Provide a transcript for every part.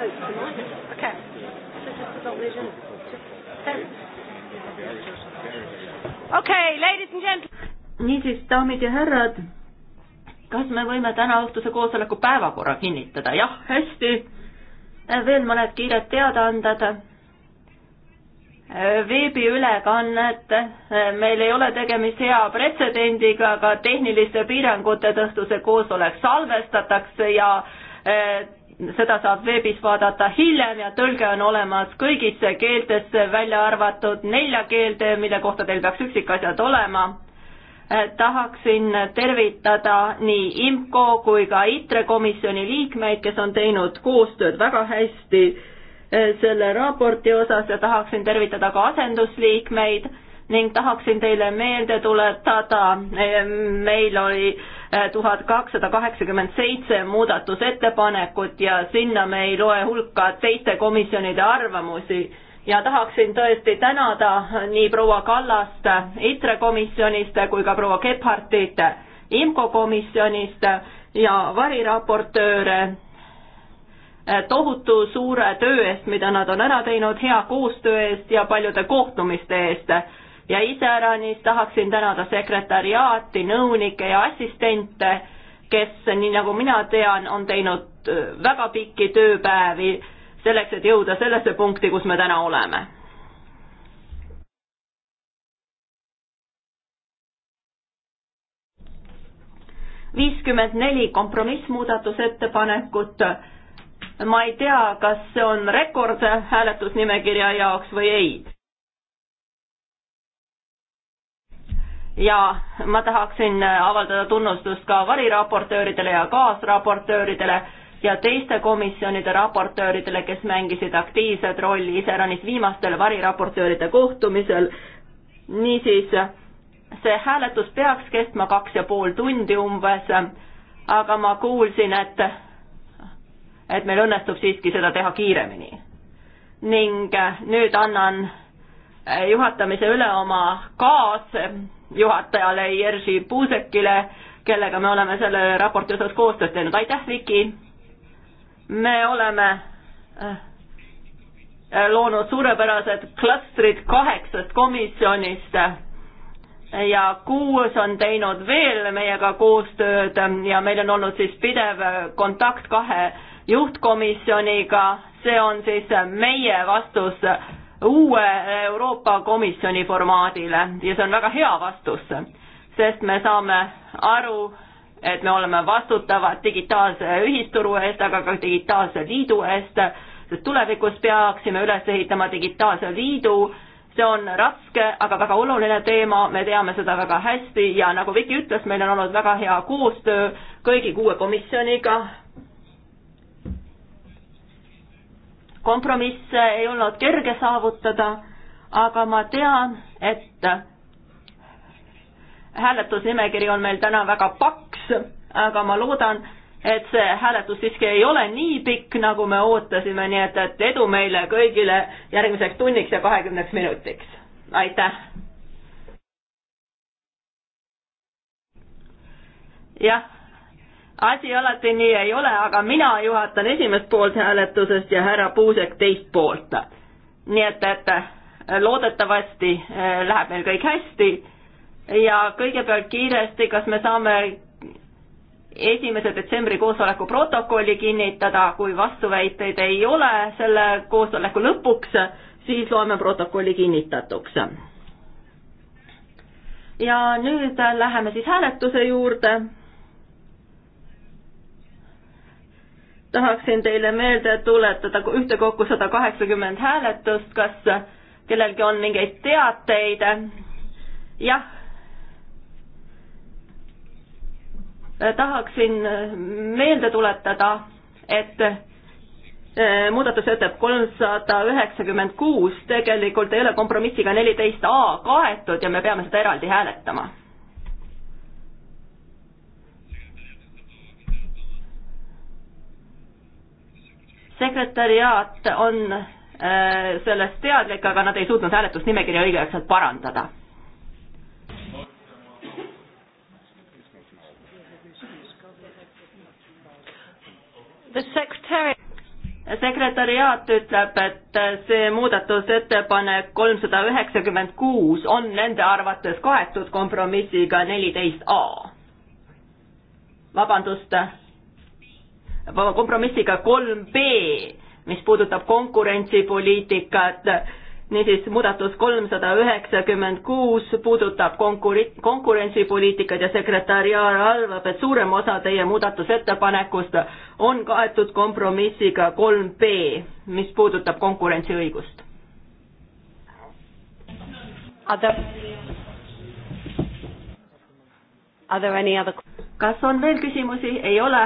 notes tonight. Okay. So just put on the agenda. Okay, ladies and gentlemen. niisiis, daamid ja härrad, kas me võime tänaõhtuse koosoleku päevakorra kinnitada? jah, hästi. veel mõned kiired teadaanded veebiülekannet, meil ei ole tegemist hea pretsedendiga, aga tehniliste piirangute tõttu see koosolek salvestatakse ja eh, seda saab veebis vaadata hiljem ja tõlge on olemas kõigisse keeltesse, välja arvatud nelja keelde, mille kohta teil peaks üksikasjad olema. Eh, tahaksin tervitada nii IMCO kui ka ITRE komisjoni liikmeid, kes on teinud koostööd väga hästi eh, selle raporti osas ja tahaksin tervitada ka asendusliikmeid ning tahaksin teile meelde tuletada, eh, meil oli äh, tuhat kakssada kaheksakümmend seitse muudatusettepanekut ja sinna me ei loe hulka teiste komisjonide arvamusi ja tahaksin tõesti tänada nii proua Kallast ITRE komisjonist kui ka proua Gebhardtit IMCO komisjonist ja variraportööre tohutu suure töö eest, mida nad on ära teinud, hea koostöö eest ja paljude kohtumiste eest ja iseäranis tahaksin tänada sekretäriaati, nõunikke ja assistente, kes, nii nagu mina tean, on teinud äh, väga pikki tööpäevi selleks, et jõuda sellesse punkti, kus me täna oleme viiskümmend neli kompromissmuudatusettepanekut. ma ei tea, kas see on rekord hääletusnimekirja jaoks või ei. ja ma tahaksin äh, avaldada tunnustust ka variraportööridele ja kaasraportööridele ja teiste komisjonide raportööridele, kes mängisid aktiivset rolli iseäranis viimastel variraportööride kohtumisel. niisiis, see hääletus peaks kestma kaks ja pool tundi umbes, aga ma kuulsin, et, et meil õnnestub siiski seda teha kiiremini. ning äh, nüüd annan Eh, juhatamise üle oma kaasjuhatajale Jerzy Puusekile, kellega me oleme selle raporti osas koostööd teinud, aitäh Viki! me oleme eh, loonud suurepärased klastrid kaheksast komisjonist ja kuus on teinud veel meiega koostööd ja meil on olnud siis pidev kontakt kahe juhtkomisjoniga, see on siis meie vastus uue Euroopa Komisjoni formaadile ja see on väga hea vastus, sest me saame aru, et me oleme vastutavad digitaalse ühisturu eest, aga ka digitaalse liidu eest, sest tulevikus peaksime üles ehitama digitaalse liidu, see on raske, aga väga oluline teema, me teame seda väga hästi ja nagu Viki ütles, meil on olnud väga hea koostöö kõigi kuue komisjoniga, kompromisse ei olnud kerge saavutada, aga ma tean, et hääletusnimekiri on meil täna väga paks, aga ma loodan, et see hääletus siiski ei ole nii pikk, nagu me ootasime, nii et, et edu meile kõigile järgmiseks tunniks ja kahekümneks minutiks. aitäh! jah asi alati nii ei ole, aga mina juhatan esimest poolt hääletusest ja härra Puusek teist poolt. nii et, et loodetavasti eh, läheb meil kõik hästi ja kõigepealt kiiresti, kas me saame esimese detsembri koosoleku protokolli kinnitada, kui vastuväiteid ei ole selle koosoleku lõpuks, siis loeme protokolli kinnitatuks. ja nüüd läheme siis hääletuse juurde tahaksin teile meelde tuletada ühtekokku sada kaheksakümmend hääletust, kas kellelgi on mingeid teateid? jah. tahaksin meelde tuletada, et eh, muudatusettepanek kolmsada üheksakümmend kuus tegelikult ei ole kompromissiga neliteist A kaetud ja me peame seda eraldi hääletama sekretäriaat on äh, sellest teadlik, aga nad ei suutnud hääletusnimekirja õigeaegselt parandada. sekretäriaat ütleb, et see muudatusettepanek kolmsada üheksakümmend kuus on nende arvates kaetud kompromissiga neliteist A. vabandust kompromissiga kolm B, mis puudutab konkurentsipoliitikat, niisiis muudatus kolmsada üheksakümmend kuus puudutab konkuri-, konkurentsipoliitikat ja sekretäriaal arvab, et suurem osa teie muudatusettepanekust on kaetud kompromissiga kolm B, mis puudutab konkurentsiõigust. Other... Are there any other kas on veel küsimusi, ei ole?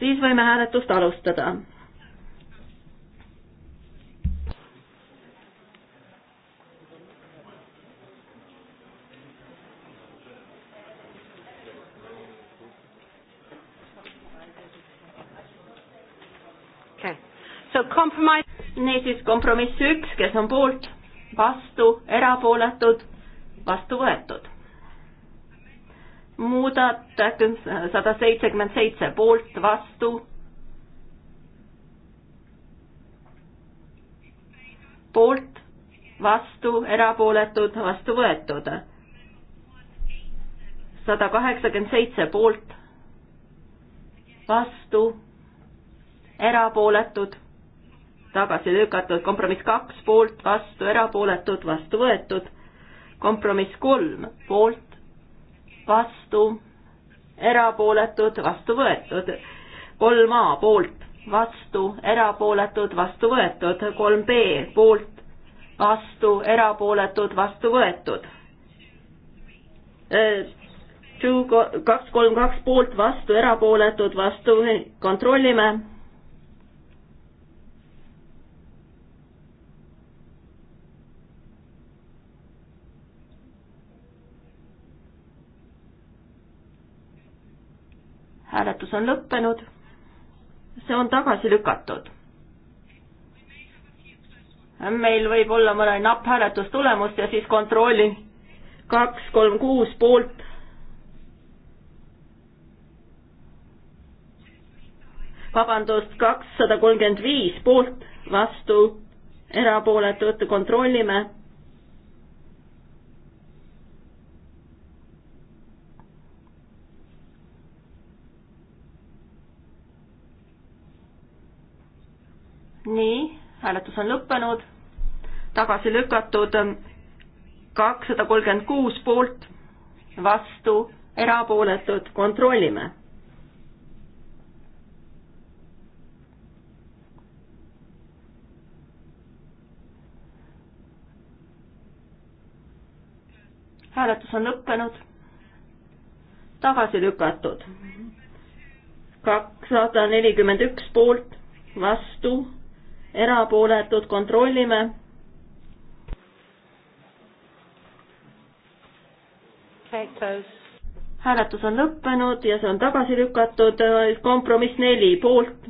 siis võime hääletust alustada. niisiis kompromiss üks, kes on poolt, vastu, erapooletud, vastu võetud muudat sada seitsekümmend seitse poolt, vastu. poolt, vastu, erapooletud, vastu võetud. sada kaheksakümmend seitse poolt, vastu, erapooletud, tagasi lükatud, kompromiss kaks poolt, vastu, erapooletud, vastu võetud, kompromiss kolm poolt, vastu, erapooletud, vastu võetud. kolm A poolt, vastu, erapooletud, vastu võetud. kolm B poolt, vastu, erapooletud, vastu võetud äh, kaks, kolm, kaks poolt, vastu, erapooletud, vastu, kontrollime hääletus on lõppenud. see on tagasi lükatud. meil võib olla mõne napp hääletustulemust ja siis kontrollin kaks, kolm, kuus poolt. vabandust, kakssada kolmkümmend viis poolt, vastu, erapooletud, kontrollime nii, hääletus on lõppenud, tagasi lükatud kakssada kolmkümmend kuus poolt, vastu, erapooletud, kontrollime. hääletus on lõppenud, tagasi lükatud kakssada nelikümmend üks poolt, vastu erapooletud, kontrollime. hääletus on lõppenud ja see on tagasi lükatud, kompromiss neli poolt,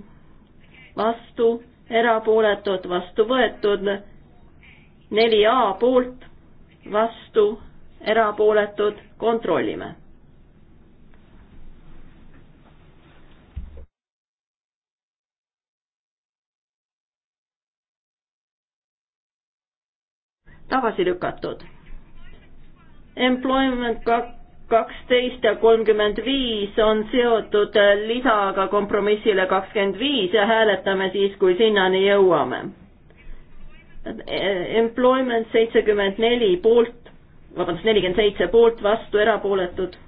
vastu, erapooletud, vastu võetud, neli A poolt, vastu, erapooletud, kontrollime tagasi lükatud. Employment kaksteist ja kolmkümmend viis on seotud lisaga kompromissile kakskümmend viis ja hääletame siis, kui sinnani jõuame. Employment seitsekümmend neli poolt, vabandust, nelikümmend seitse poolt, vastu, erapooletud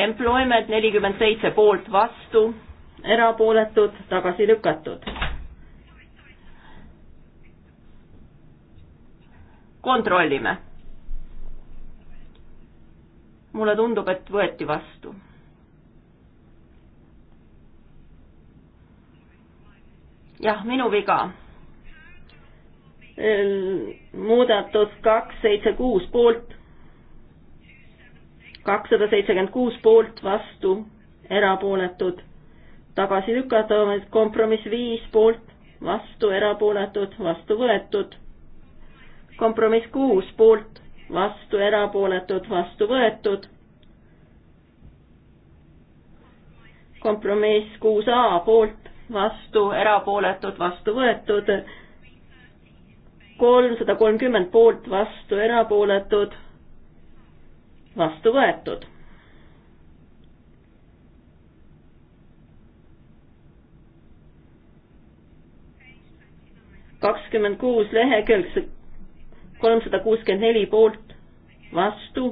employment nelikümmend seitse poolt vastu, erapooletud tagasi lükatud. kontrollime. mulle tundub, et võeti vastu. jah, minu viga. muudatus kaks, seitse, kuus poolt, kakssada seitsekümmend kuus poolt, vastu, erapooletud, tagasi lükatavad, kompromiss viis poolt, vastu, erapooletud, vastu võetud kompromiss kuus poolt, vastu, erapooletud, vastu võetud. kompromiss kuus A poolt, vastu, erapooletud, vastu võetud. kolmsada kolmkümmend poolt, vastu, erapooletud, vastu võetud kakskümmend kuus lehekülg, kolmsada kuuskümmend neli poolt, vastu,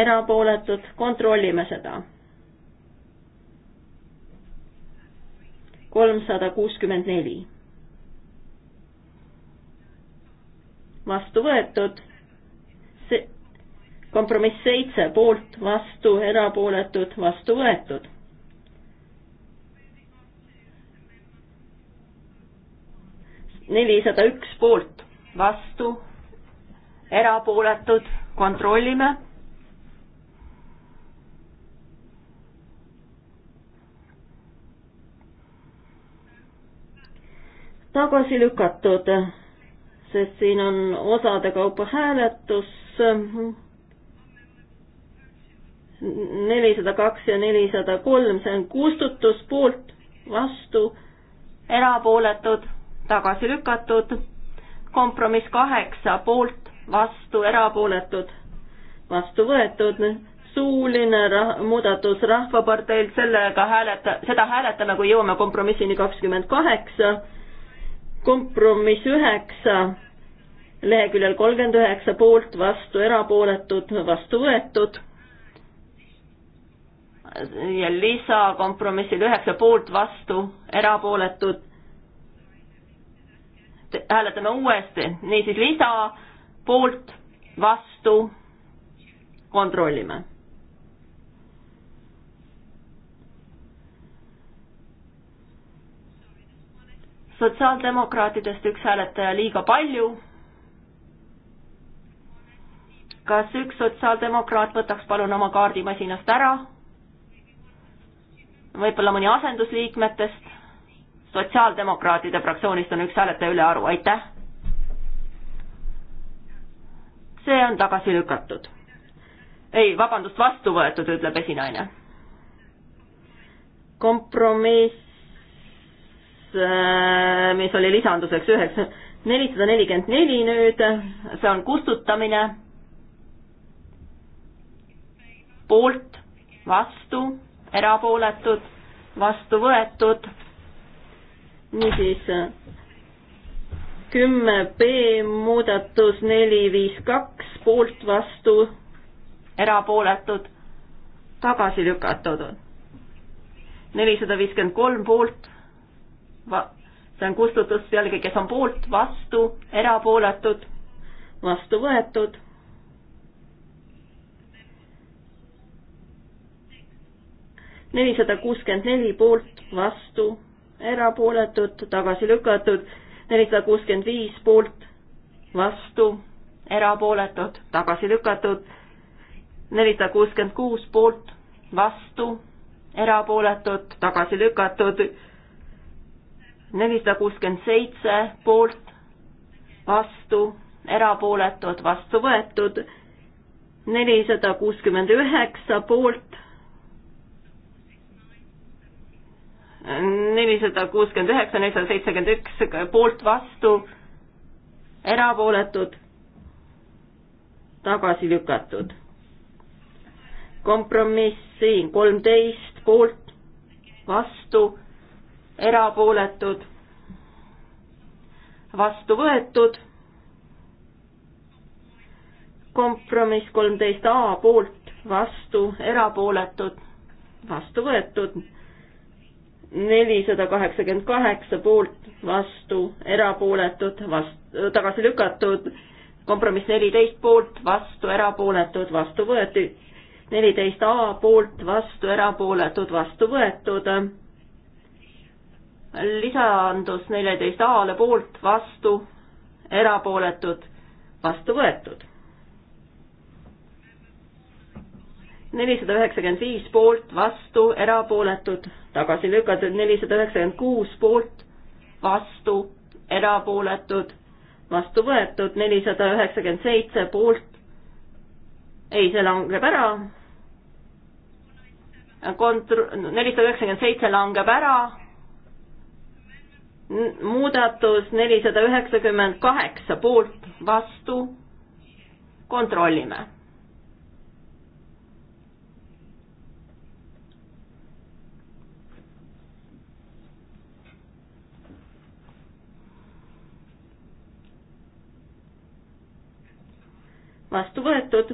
erapooletud, kontrollime seda. kolmsada kuuskümmend neli. vastu võetud, see, kompromiss seitse poolt, vastu, erapooletud, vastu võetud nelisada üks poolt vastu, erapooletud, kontrollime. tagasi lükatud, sest siin on osade kaupa hääletus nelisada kaks ja nelisada kolm, see on kustutus poolt, vastu, erapooletud, tagasi lükatud kompromiss kaheksa poolt, vastu, erapooletud, vastu võetud, suuline rah muudatus Rahvaparteilt, sellega hääleta, seda hääletame, kui jõuame kompromissini kakskümmend kaheksa, kompromiss üheksa, leheküljel kolmkümmend üheksa poolt, vastu, erapooletud, vastu võetud ja lisakompromissil üheksa poolt, vastu, erapooletud uuesti, hääletame uuesti, niisiis lisa poolt, vastu, kontrollime. sotsiaaldemokraatidest üks hääletaja liiga palju. kas üks sotsiaaldemokraat võtaks palun oma kaardi masinast ära? võib-olla mõni asendusliikmetest? sotsiaaldemokraatide fraktsioonist on üks hääletaja ülearu, aitäh. see on tagasi lükatud. ei, vabandust, vastu võetud, ütleb esinaine. kompromiss, äh, mis oli lisanduseks üheksa, nelisada nelikümmend neli nüüd, see on kustutamine. poolt, vastu, erapooletud, vastu võetud niisiis kümme B muudatus neli, viis, kaks, poolt, vastu, erapooletud, tagasi lükatud. nelisada viiskümmend kolm poolt, see on kustutus jällegi, kes on poolt, vastu, erapooletud, vastu võetud. nelisada kuuskümmend neli poolt, vastu erapooletud, tagasi lükatud, nelisada kuuskümmend viis poolt, vastu, erapooletud, tagasi lükatud, nelisada kuuskümmend kuus poolt, vastu, erapooletud, tagasi lükatud, nelisada kuuskümmend seitse poolt, vastu, erapooletud, vastu võetud, nelisada kuuskümmend üheksa poolt, nelisada kuuskümmend üheksa, nelisada seitsekümmend üks poolt vastu, erapooletud, tagasi lükatud. kompromiss siin kolmteist poolt, vastu, erapooletud, vastu võetud. kompromiss kolmteist A poolt, vastu, erapooletud, vastu võetud nelisada kaheksakümmend kaheksa poolt, vastu, erapooletud, vastu, tagasi lükatud, kompromiss neliteist poolt, vastu, erapooletud, vastu võetud, neliteist A poolt, vastu, erapooletud, vastu võetud, lisandus neljateist A-le poolt, vastu, erapooletud, vastu võetud. nelisada üheksakümmend viis poolt, vastu, erapooletud, tagasi lükatud, nelisada üheksakümmend kuus poolt, vastu, erapooletud, vastu võetud, nelisada üheksakümmend seitse poolt, ei, see langeb ära, kontr-, nelisada üheksakümmend seitse langeb ära, muudatus nelisada üheksakümmend kaheksa poolt, vastu, kontrollime vastu võetud.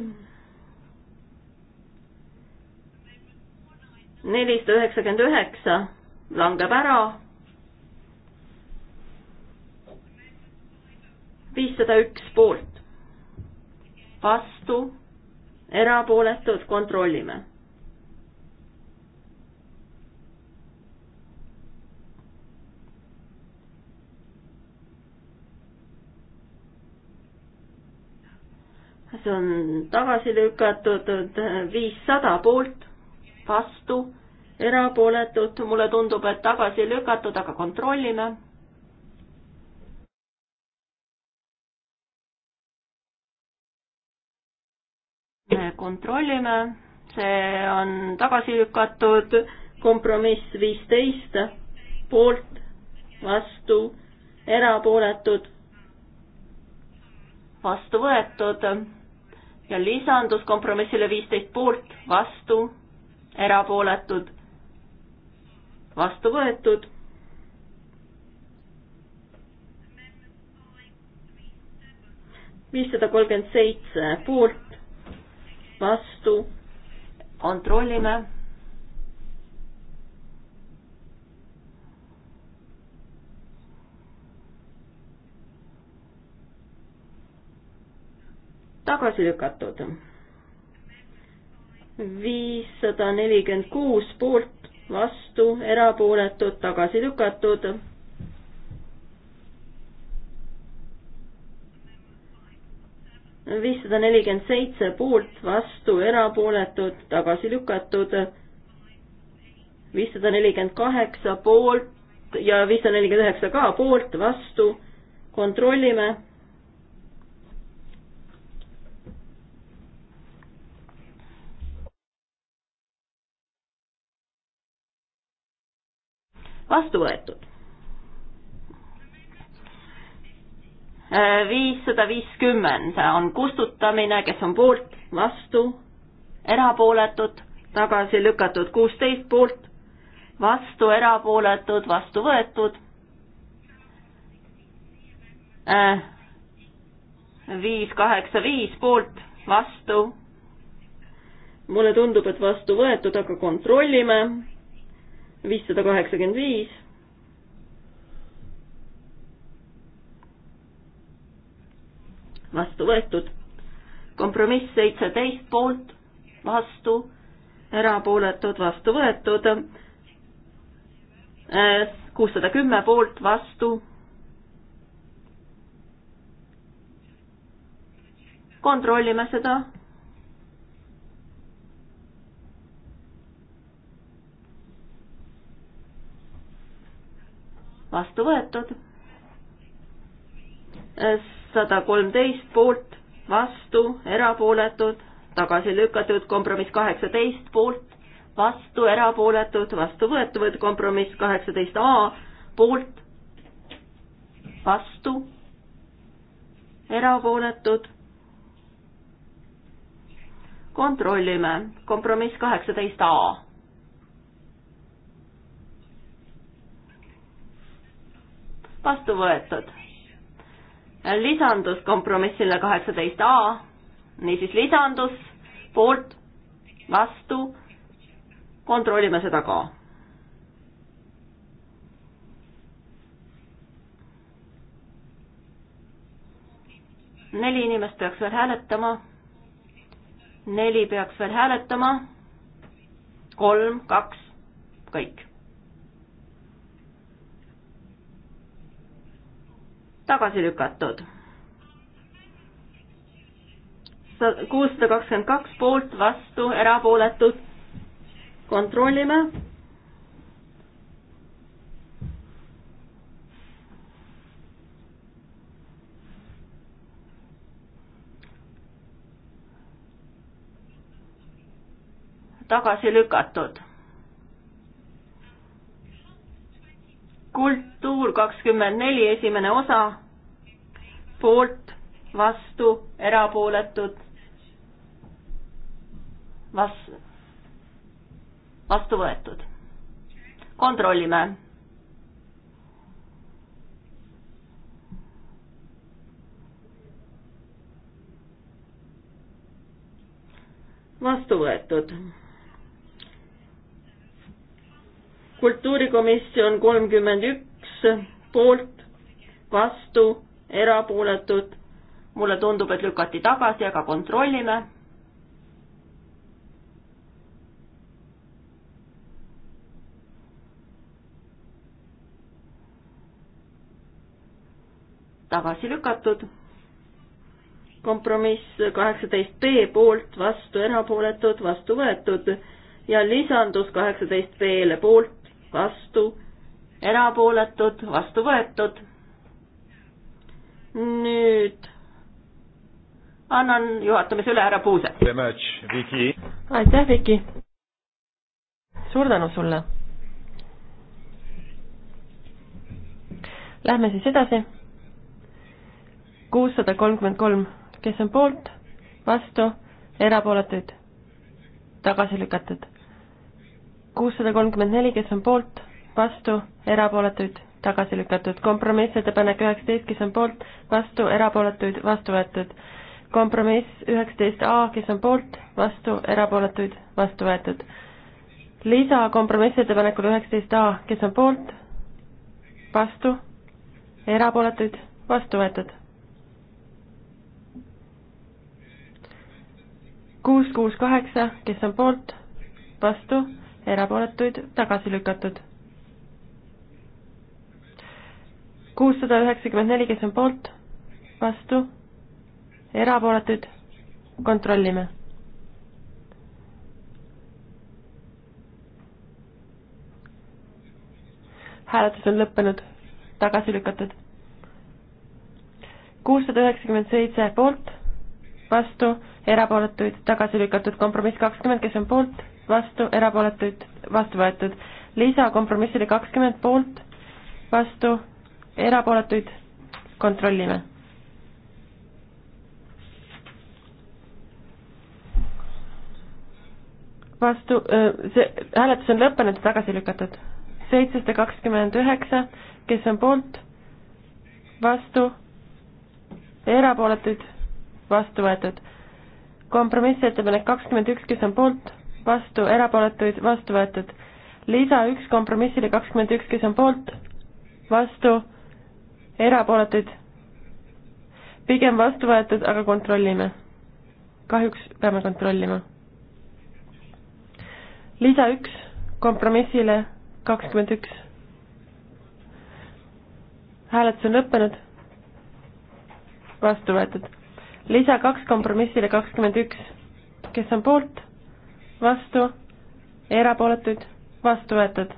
nelisada üheksakümmend üheksa langeb ära. viissada üks poolt, vastu, erapooletud, kontrollime see on tagasi lükatud, viissada poolt, vastu, erapooletud, mulle tundub, et tagasi lükatud, aga kontrollime. kontrollime, see on tagasi lükatud, kompromiss viisteist, poolt, vastu, erapooletud vastu võetud ja lisandus kompromissile viisteist poolt, vastu, erapooletud, vastu võetud. viissada kolmkümmend seitse poolt, vastu, kontrollime tagasi lükatud. viissada nelikümmend kuus poolt, vastu, erapooletud, tagasi lükatud. viissada nelikümmend seitse poolt, vastu, erapooletud, tagasi lükatud. viissada nelikümmend kaheksa poolt ja viissada nelikümmend üheksa ka poolt, vastu, kontrollime vastu võetud. viissada viiskümmend on kustutamine, kes on poolt, vastu, erapooletud, tagasi lükatud kuusteist poolt, vastu erapooletud, vastu võetud äh,. viis, kaheksa, viis poolt, vastu. mulle tundub, et vastu võetud, aga kontrollime viissada kaheksakümmend viis. vastu võetud. kompromiss seitseteist poolt, vastu, erapooletud, vastu võetud. Äh, kuussada kümme poolt, vastu. kontrollime seda vastu võetud. sada kolmteist poolt, vastu, erapooletud, tagasi lükatud, kompromiss kaheksateist poolt, vastu, erapooletud, vastu võetud, kompromiss kaheksateist A poolt, vastu, erapooletud. kontrollime, kompromiss kaheksateist A vastu võetud. lisandus kompromissile kaheksateist A, niisiis lisandus poolt, vastu, kontrollime seda ka. neli inimest peaks veel hääletama. neli peaks veel hääletama. kolm, kaks, kõik tagasi lükatud. kuussada kakskümmend kaks poolt, vastu, erapooletud. kontrollime. tagasi lükatud kultuur kakskümmend neli, esimene osa, poolt, vastu, erapooletud, vas-, vastu võetud. kontrollime. vastu võetud kultuurikomisjon kolmkümmend üks poolt, vastu, erapooletud. mulle tundub, et lükati tagasi, aga kontrollime. tagasi lükatud. kompromiss kaheksateist B poolt, vastu, erapooletud, vastu võetud ja lisandus kaheksateist B-le poolt, vastu, erapooletud, vastu võetud. nüüd annan juhatamise üle härra Puuse. aitäh, Viki! suur tänu sulle! Lähme siis edasi. kuussada kolmkümmend kolm, kes on poolt, vastu, erapooletuid, tagasi lükatud kuussada kolmkümmend neli, kes on poolt, vastu, erapooletuid, tagasi lükatud. kompromissettepanek üheksateist, kes on poolt, vastu, erapooletuid, vastu võetud. kompromiss üheksateist A, kes on poolt, vastu, erapooletuid, vastu võetud. lisa kompromissettepanekule üheksateist A, kes on poolt, vastu, erapooletuid, vastu võetud. kuus, kuus, kaheksa, kes on poolt, vastu erapooletuid tagasi lükatud. kuussada üheksakümmend neli, kes on poolt, vastu, erapooletuid kontrollime hääletus on lõppenud, tagasi lükatud. kuussada üheksakümmend seitse poolt, vastu, erapooletuid tagasi lükatud, kompromiss kakskümmend, kes on poolt, vastu, erapooletuid vastu võetud. lisakompromiss oli kakskümmend poolt, vastu, erapooletuid kontrollime. vastu, see hääletus on lõppenud ja tagasi lükatud. seitsesada kakskümmend üheksa, kes on poolt, vastu, erapooletuid vastu võetud. kompromissettepanek kakskümmend üks, kes on poolt vastu, erapooletuid vastu võetud. lisa üks kompromissile kakskümmend üks, kes on poolt, vastu, erapooletuid pigem vastu võetud, aga kontrollime. kahjuks peame kontrollima. lisa üks kompromissile kakskümmend üks. hääletus on lõppenud, vastu võetud. lisa kaks kompromissile kakskümmend üks, kes on poolt vastu, erapooletuid, vastu võetud.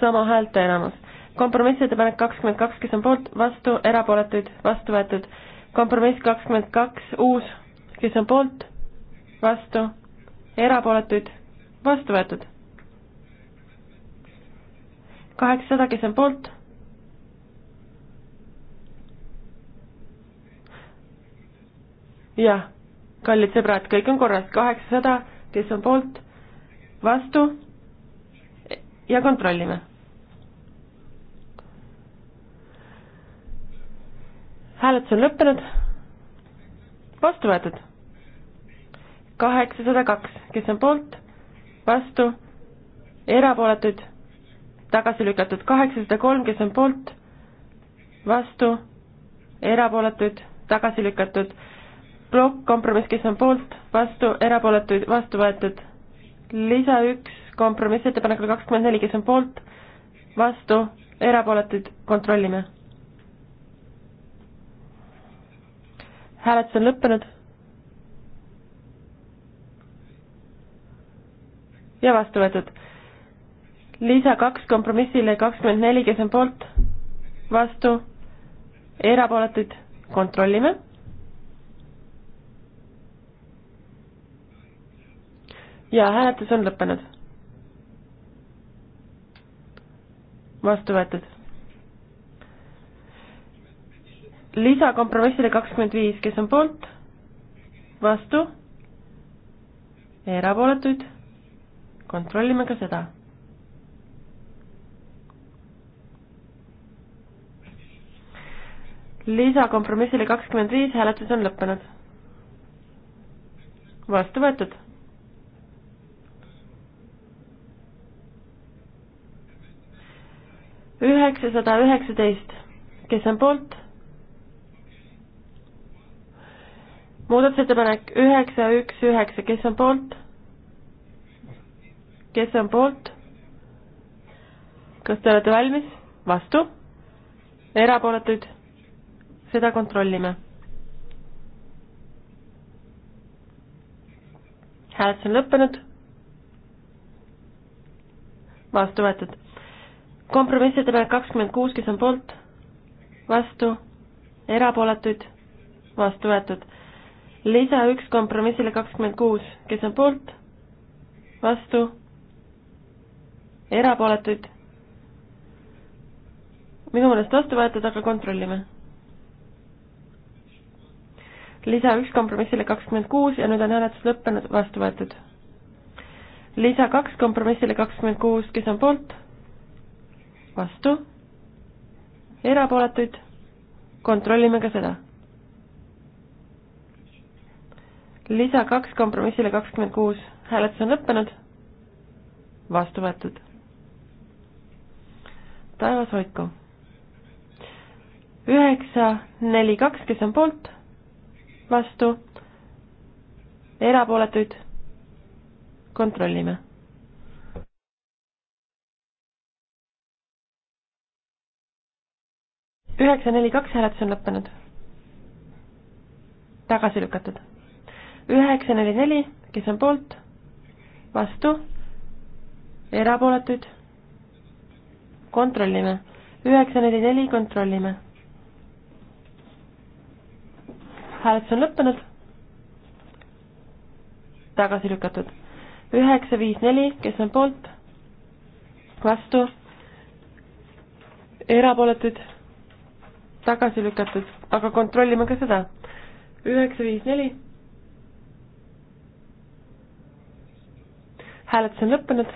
sama häälte enamus. kompromissettepanek kakskümmend kaks, kes on poolt, vastu, erapooletuid, vastu võetud. kompromiss kakskümmend kaks, uus, kes on poolt, vastu, erapooletuid, vastu võetud. kaheksasada, kes on poolt jah, kallid sõbrad, kõik on korras, kaheksasada, kes on poolt, vastu ja kontrollime. hääletus on lõppenud, vastu võetud. kaheksasada kaks, kes on poolt, vastu, erapooletuid, tagasi lükatud, kaheksasada kolm, kes on poolt, vastu, erapooletuid, tagasi lükatud plokk, kompromiss, kes on poolt, vastu, erapooletuid, vastu võetud. lisa üks, kompromissettepanekul kakskümmend neli, kes on poolt, vastu, erapooletuid, kontrollime. hääletus on lõppenud. ja vastu võetud. lisa kaks kompromissile kakskümmend neli, kes on poolt, vastu, erapooletuid, kontrollime ja hääletus on lõppenud. vastu võetud. lisakompromissile kakskümmend viis, kes on poolt, vastu, erapooletuid, kontrollime ka seda. lisakompromissile kakskümmend viis, hääletus on lõppenud. vastu võetud üheksasada üheksateist, kes on poolt? muudatusettepanek üheksa, üks, üheksa, kes on poolt? kes on poolt? kas te olete valmis? vastu? erapooletuid? seda kontrollime. hääletus on lõppenud. vastu võetud kompromissettepanek kakskümmend kuus, kes on poolt, vastu, erapooletuid, vastu võetud. lisa üks kompromissile kakskümmend kuus, kes on poolt, vastu, erapooletuid, minu meelest vastu võetud, aga kontrollime lisa üks kompromissile kakskümmend kuus ja nüüd on hääletus lõppenud, vastu võetud. lisa kaks kompromissile kakskümmend kuus, kes on poolt, vastu, erapooletuid, kontrollime ka seda. lisa kaks kompromissile kakskümmend kuus, hääletus on lõppenud, vastu võetud. taevas hoidku. üheksa, neli, kaks, kes on poolt, vastu, erapooletuid, kontrollime üheksa, neli, kaks hääletus on lõppenud. tagasi lükatud. üheksa, neli, neli, kes on poolt, vastu, erapooletuid, kontrollime. üheksa, neli, neli, kontrollime. hääletus on lõppenud. tagasi lükatud. üheksa, viis, neli, kes on poolt, vastu, erapooletuid tagasi lükatud, aga kontrollime ka seda. üheksa, viis, neli. hääletus on lõppenud.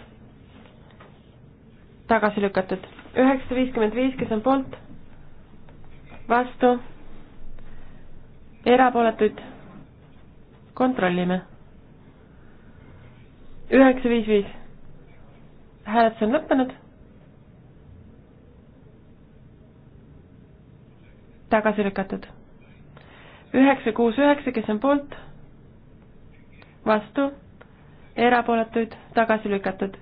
tagasi lükatud. üheksasada viiskümmend viis, kes on poolt? vastu? erapooletuid? kontrollime. üheksa, viis, viis. hääletus on lõppenud tagasi lükatud. üheksa, kuus, üheksa, kes on poolt, vastu, erapooletuid, tagasi lükatud.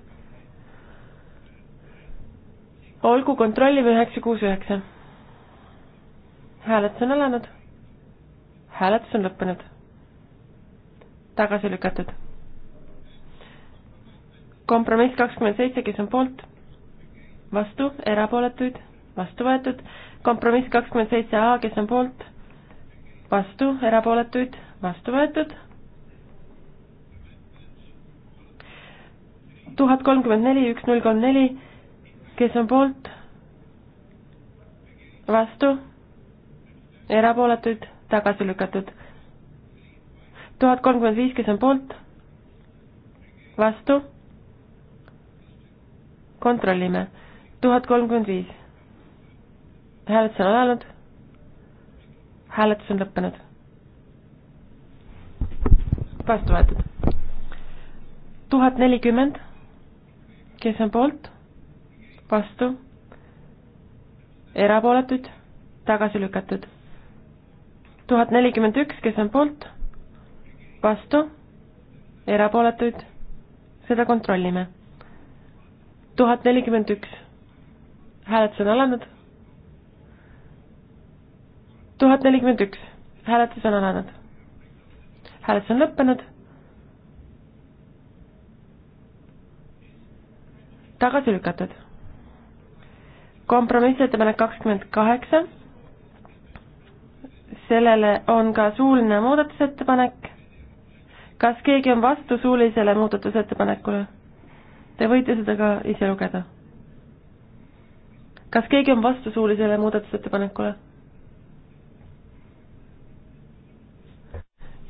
olgu, kontrollime üheksa, kuus, üheksa. hääletus on alanud. hääletus on lõppenud. tagasi lükatud. kompromiss kakskümmend seitse, kes on poolt, vastu, erapooletuid, vastu võetud kompromiss kakskümmend seitse A, kes on poolt, vastu, erapooletuid, vastu võetud. tuhat kolmkümmend neli, üks null kolm neli, kes on poolt, vastu, erapooletuid, tagasi lükatud. tuhat kolmkümmend viis, kes on poolt, vastu, kontrollime, tuhat kolmkümmend viis hääletus on alanud, hääletus on lõppenud. vastu võetud. tuhat nelikümmend, kes on poolt, vastu, erapooletuid, tagasi lükatud. tuhat nelikümmend üks, kes on poolt, vastu, erapooletuid, seda kontrollime. tuhat nelikümmend üks, hääletus on alanud tuhat nelikümmend üks, hääletus on alanud. hääletus on lõppenud. tagasi lükatud. kompromissettepanek kakskümmend kaheksa. sellele on ka suuline muudatusettepanek. kas keegi on vastu suulisele muudatusettepanekule? Te võite seda ka ise lugeda. kas keegi on vastu suulisele muudatusettepanekule?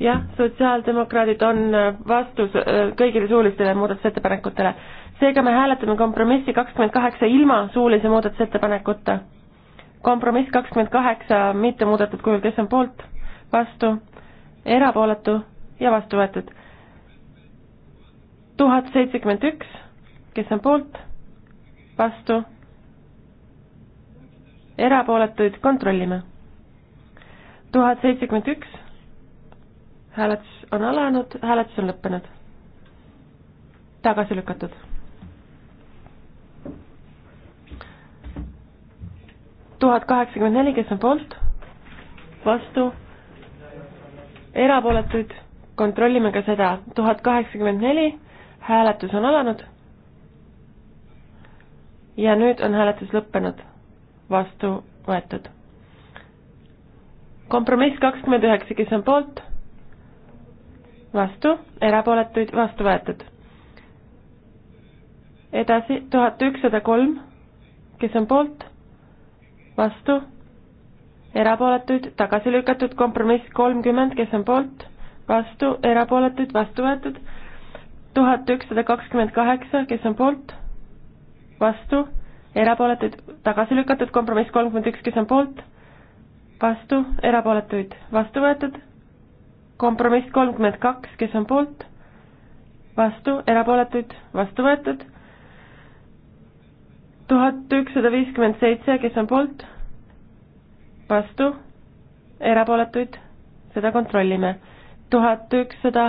jah, sotsiaaldemokraadid on äh, vastu äh, kõigile suulistele muudatusettepanekutele. seega me hääletame kompromissi kakskümmend kaheksa ilma suulise muudatusettepanekuta. kompromiss kakskümmend kaheksa mitte muudetud kujul, kes on poolt, vastu, erapooletu ja vastu võetud. tuhat seitsekümmend üks, kes on poolt, vastu, erapooletuid kontrollime. tuhat seitsekümmend üks hääletus on alanud, hääletus on lõppenud. tagasi lükatud. tuhat kaheksakümmend neli, kes on poolt, vastu, erapooletuid, kontrollime ka seda, tuhat kaheksakümmend neli, hääletus on alanud. ja nüüd on hääletus lõppenud, vastu võetud. kompromiss kakskümmend üheksa, kes on poolt vastu, erapooletuid vastu võetud. edasi tuhat ükssada kolm, kes on poolt, vastu, erapooletuid tagasi lükatud, kompromiss kolmkümmend, kes on poolt, vastu, erapooletuid vastu võetud, tuhat ükssada kakskümmend kaheksa, kes on poolt, vastu, erapooletuid tagasi lükatud, kompromiss kolmkümmend üks, kes on poolt, vastu, erapooletuid vastu võetud kompromiss kolmkümmend kaks, kes on poolt, vastu, erapooletuid, vastu võetud, tuhat ükssada viiskümmend seitse, kes on poolt, vastu, erapooletuid, seda kontrollime. tuhat ükssada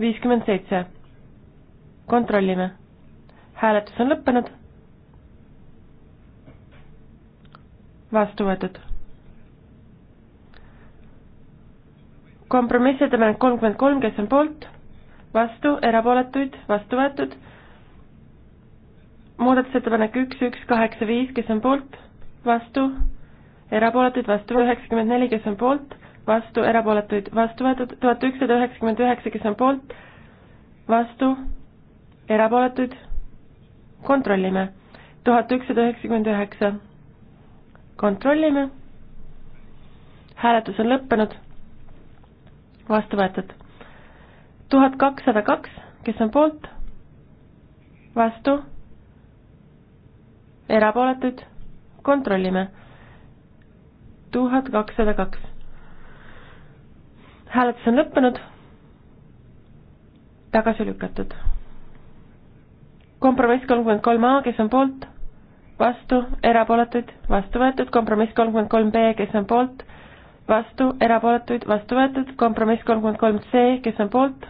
viiskümmend seitse, kontrollime. hääletus on lõppenud, vastu võetud kompromissettepanek kolmkümmend kolm, kes on poolt, vastu, erapooletuid, vastu võetud. muudatusettepanek üks, üks, kaheksa, viis, kes on poolt, vastu, erapooletuid, vastu üheksakümmend neli, kes on poolt, vastu, erapooletuid, vastu võetud, tuhat ükssada üheksakümmend üheksa, kes on poolt, vastu, erapooletuid, kontrollime. tuhat ükssada üheksakümmend üheksa, kontrollime. hääletus on lõppenud vastu võetud. tuhat kakssada kaks, kes on poolt, vastu, erapooletuid, kontrollime. tuhat kakssada kaks. hääletus on lõppenud, tagasi lükatud. kompromiss kolmkümmend kolm A, kes on poolt, vastu, erapooletuid, vastu võetud, kompromiss kolmkümmend kolm B, kes on poolt, vastu, erapooletuid, vastu võetud, kompromiss kolmkümmend kolm C, kes on poolt,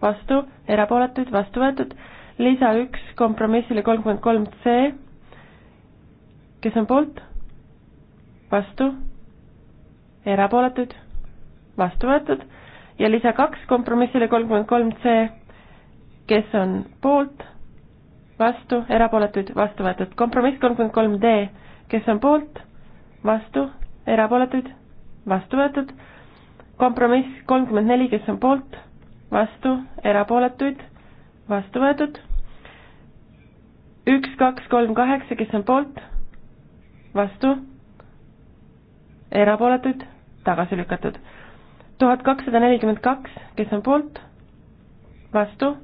vastu, erapooletuid, vastu võetud, lisa üks kompromissile kolmkümmend kolm C, kes on poolt, vastu, erapooletuid, vastu võetud ja lisa kaks kompromissile kolmkümmend kolm C, kes on poolt, vastu, erapooletuid, vastu võetud, kompromiss kolmkümmend kolm D, kes on poolt, vastu, erapooletuid vastu võetud. kompromiss kolmkümmend neli, kes on poolt, vastu, erapooletuid, vastu võetud. üks, kaks, kolm, kaheksa, kes on poolt, vastu, erapooletuid, tagasi lükatud. tuhat kakssada nelikümmend kaks, kes on poolt, vastu,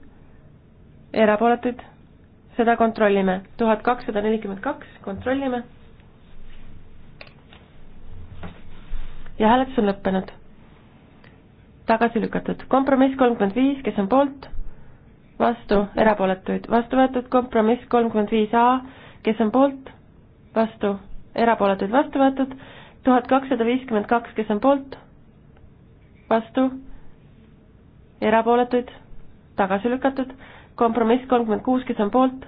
erapooletuid, seda kontrollime. tuhat kakssada nelikümmend kaks, kontrollime ja hääletus on lõppenud. tagasi lükatud. kompromiss kolmkümmend viis, kes on poolt? vastu, erapooletuid. vastu võetud kompromiss kolmkümmend viis A, kes on poolt? vastu, erapooletuid vastu võetud. tuhat kakssada viiskümmend kaks, kes on poolt? vastu, erapooletuid, tagasi lükatud. kompromiss kolmkümmend kuus, kes on poolt?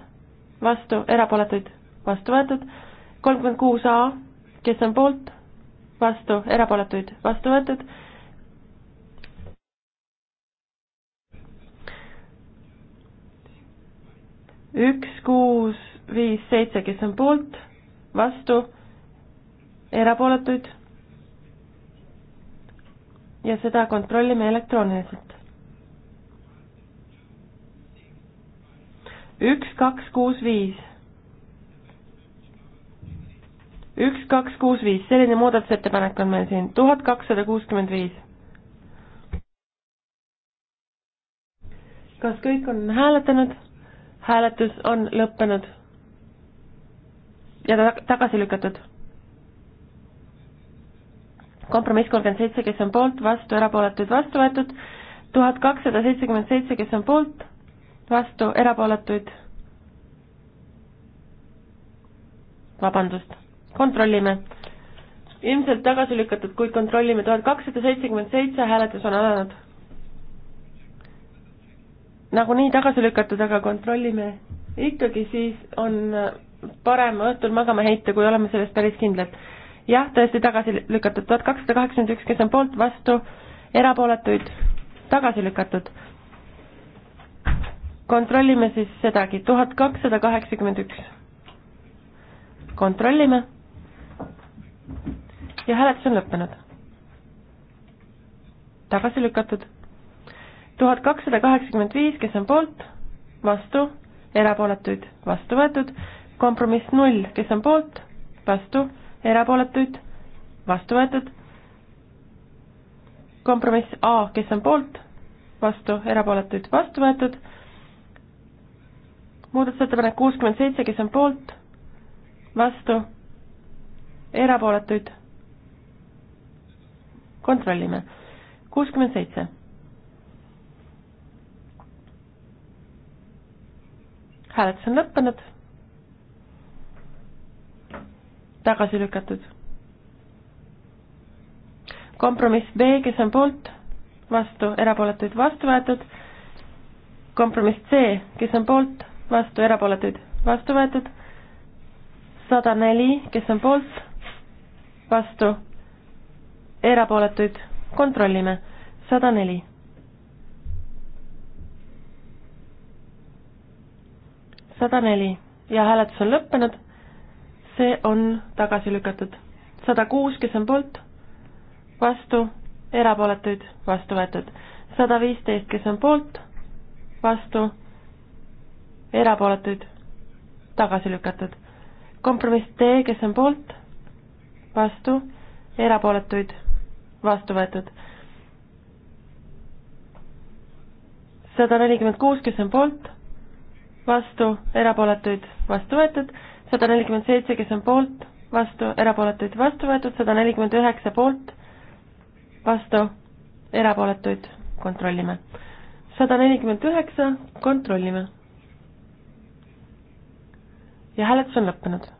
vastu, erapooletuid, vastu võetud. kolmkümmend kuus A, kes on poolt? vastu, erapooletuid vastu võetud. üks, kuus, viis, seitse, kes on poolt, vastu, erapooletuid. ja seda kontrollime elektrooniliselt. üks, kaks, kuus, viis üks, kaks, kuus, viis, selline muudatusettepanek on meil siin, tuhat kakssada kuuskümmend viis. kas kõik on hääletanud? hääletus on lõppenud ja ta tagasi lükatud. kompromiss kolmkümmend seitse, kes on poolt, vastu, erapooletuid, vastu võetud, tuhat kakssada seitsekümmend seitse, kes on poolt, vastu, erapooletuid, vabandust kontrollime. ilmselt tagasi lükatud, kuid kontrollime, tuhat kakssada seitsekümmend seitse hääletus on alanud. nagunii tagasi lükatud, aga kontrollime ikkagi, siis on parem õhtul magama heita, kui oleme selles päris kindlad. jah, tõesti tagasi lükatud, tuhat kakssada kaheksakümmend üks, kes on poolt, vastu, erapooletuid, tagasi lükatud. kontrollime siis sedagi, tuhat kakssada kaheksakümmend üks kontrollime ja hääletus on lõppenud. tagasi lükatud. tuhat kakssada kaheksakümmend viis, kes on poolt, vastu, erapooletuid, vastu võetud, kompromiss null, kes on poolt, vastu, erapooletuid, vastu võetud, kompromiss A, kes on poolt, vastu, erapooletuid, vastu võetud, muudatusettepanek kuuskümmend seitse, kes on poolt, vastu erapooletuid kontrollime. kuuskümmend seitse. hääletus on lõppenud. tagasi lükatud. kompromiss B, kes on poolt, vastu, erapooletuid vastu võetud. kompromiss C, kes on poolt, vastu, erapooletuid vastu võetud. sada neli, kes on poolt vastu, erapooletuid kontrollime, sada neli. sada neli ja hääletus on lõppenud, see on tagasi lükatud. sada kuus, kes on poolt, vastu, erapooletuid, vastu võetud. sada viisteist, kes on poolt, vastu, erapooletuid, tagasi lükatud. kompromiss D, kes on poolt vastu, erapooletuid, vastu võetud. sada nelikümmend kuus, kes on poolt, vastu, erapooletuid, vastu võetud, sada nelikümmend seitse, kes on poolt, vastu, erapooletuid, vastu võetud, sada nelikümmend üheksa poolt, vastu, erapooletuid, kontrollime. sada nelikümmend üheksa, kontrollime. ja hääletus on lõppenud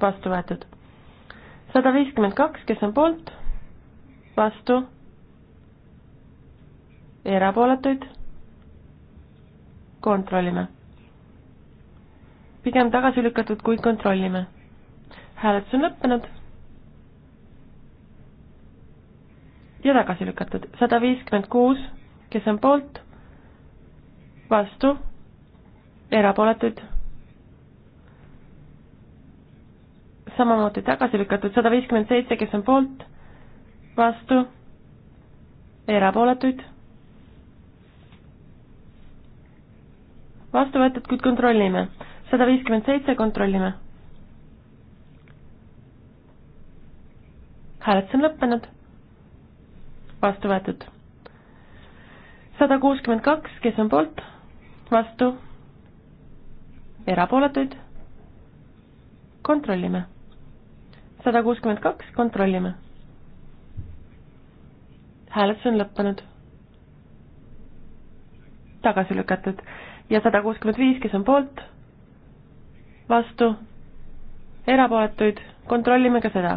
vastu võetud. sada viiskümmend kaks, kes on poolt, vastu, erapooletuid, kontrollime. pigem tagasi lükatud, kuid kontrollime. hääletus on lõppenud ja tagasi lükatud. sada viiskümmend kuus, kes on poolt, vastu, erapooletuid samamoodi tagasi lükatud, sada viiskümmend seitse, kes on poolt, vastu, erapooletuid, vastu võetud, kuid kontrollime. sada viiskümmend seitse, kontrollime. hääletus on lõppenud, vastu võetud. sada kuuskümmend kaks, kes on poolt, vastu, erapooletuid kontrollime sada kuuskümmend kaks, kontrollime. hääletus on lõppenud. tagasi lükatud ja sada kuuskümmend viis, kes on poolt, vastu, erapooletuid, kontrollime ka seda.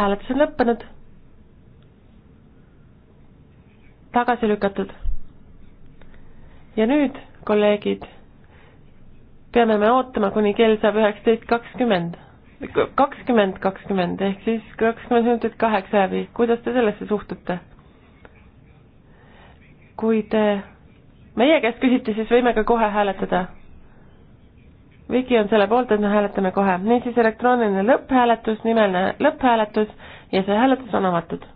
hääletus on lõppenud. tagasi lükatud. ja nüüd, kolleegid peame me ootama, kuni kell saab üheksateist kakskümmend, kakskümmend kakskümmend ehk siis kakskümmend minutit kaheksa läbi, kuidas te sellesse suhtute? kui te meie käest küsite, siis võime ka kohe hääletada. Viki on selle poolt, et me hääletame kohe, niisiis elektrooniline lõpphääletus, nimeline lõpphääletus ja see hääletus on avatud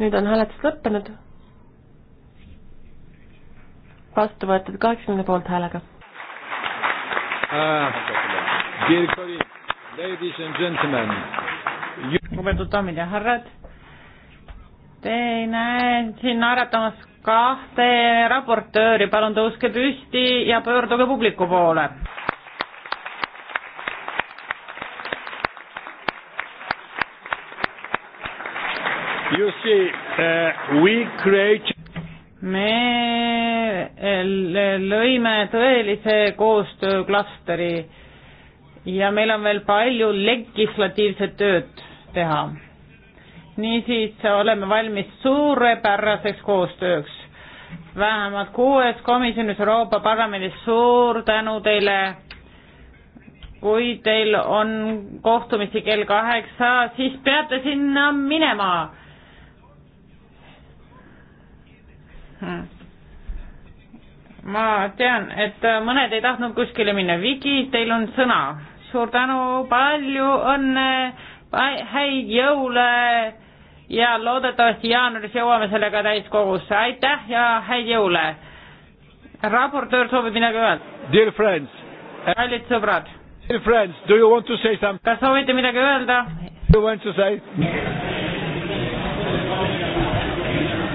nüüd on hääletus lõppenud. vastu võetud kaheksakümne poolthäälega uh,. Ah, lugupeetud daamid ja härrad, te ei näe siin naeratamas kahte raportööri, palun tõuske püsti ja pöörduge publiku poole You see, uh, we create me eh, lõime tõelise koostööklasteri ja meil on veel palju legislatiivset tööd teha. niisiis oleme valmis suurepäraseks koostööks. vähemalt kuues komisjonis Euroopa Parlamendis, suur tänu teile. kui teil on kohtumisi kell kaheksa, siis peate sinna minema Hmm. ma tean, et mõned ei tahtnud kuskile minna. Viki, teil on sõna. suur tänu, palju õnne, häid jõule ja loodetavasti jaanuaris jõuame sellega täiskogusse. aitäh ja häid jõule. raportöör soovib midagi öelda. kallid sõbrad. kas soovite midagi öelda?